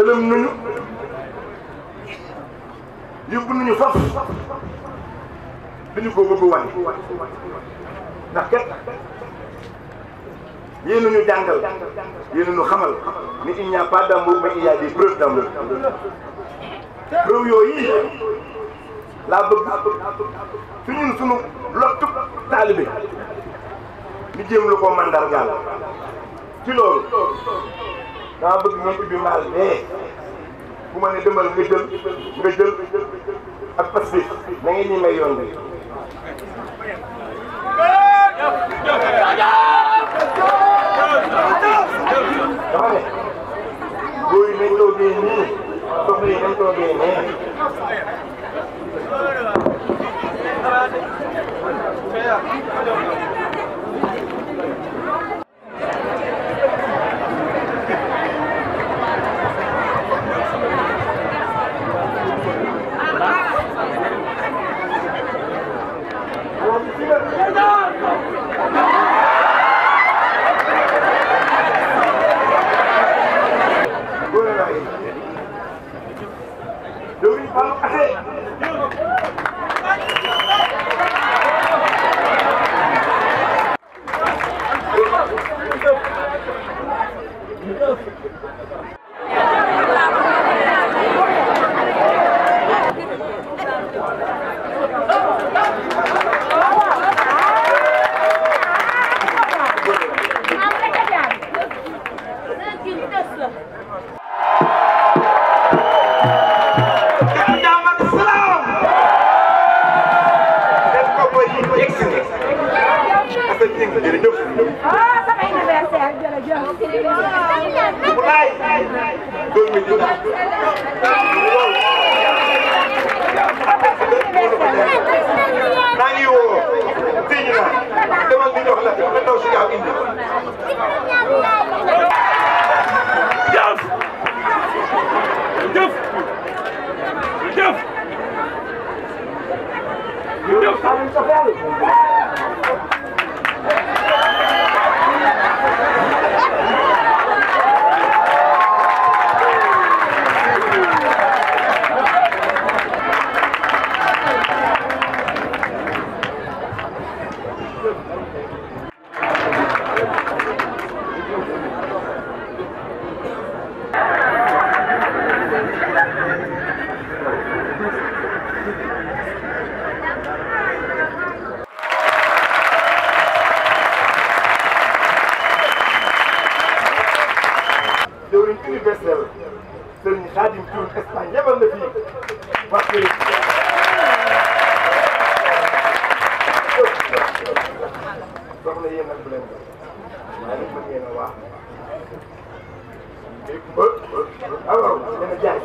ëlëm nañu yóbbu nañu faf duñu ko bëgg wàññi ndax kat yéen ñu jàngal yéen ñu xamal ni il n'y a pas d'amour mais il y yooyu laa bëgg su ñun sunu lottu taalibe ñu jéem lu ko mandargaal ci loolu dama bëgg nga ubbi maal bee bu ma ne demal nga jël nga jël ak parce que na ngeen ñu may yoon bi. dama ne góor yi nañ toogee nii soxna yi nañ toogee nee. Thank you. jëwriñ Fallou Kassé ah sama anniversaire jërëjëf. maa ngi woo. dégg naa demal ñu jox la nga daw si gaaw indi. soxna yéen nag bu leen doon maa ngi bëgg yéen a waax ba ba waaw waaw yéen a jaay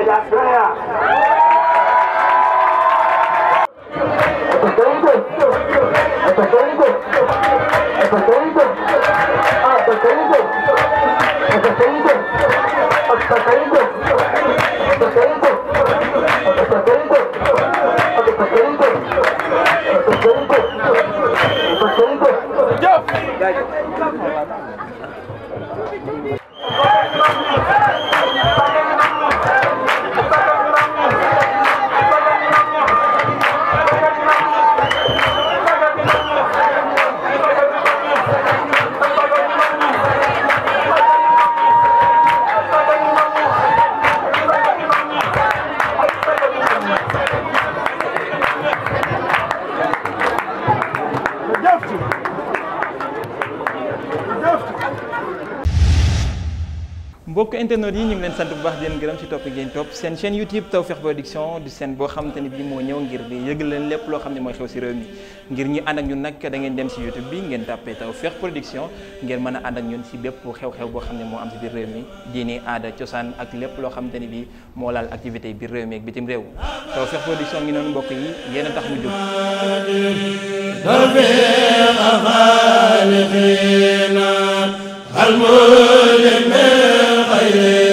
Aja Freya. Atacante, atacante, atacante, atacante, atacante, atacante, atacante, atacante, atacante. mbokk internet yi ñu ngi leen sant bu baax di leen ci topp ngeen topp seen chaîne YouTube Tawfekh Production du seen boo xamante ni bii moo ñëw ngir di yëgal leen lépp loo xam ne mooy xew ci réew mi ngir ñu ànd ak ñun nag da dem ci YouTube bi ngeen tàppee Tawfekh Production ngeen mën a ànd ak ñun ci bépp xew-xew boo xam ne moo am ci biir réew mi diine aada cosaan ak lépp loo xamante ne bii moo laal activité biir réew mi ak bitim réew Tawfekh Production ngi a ghayri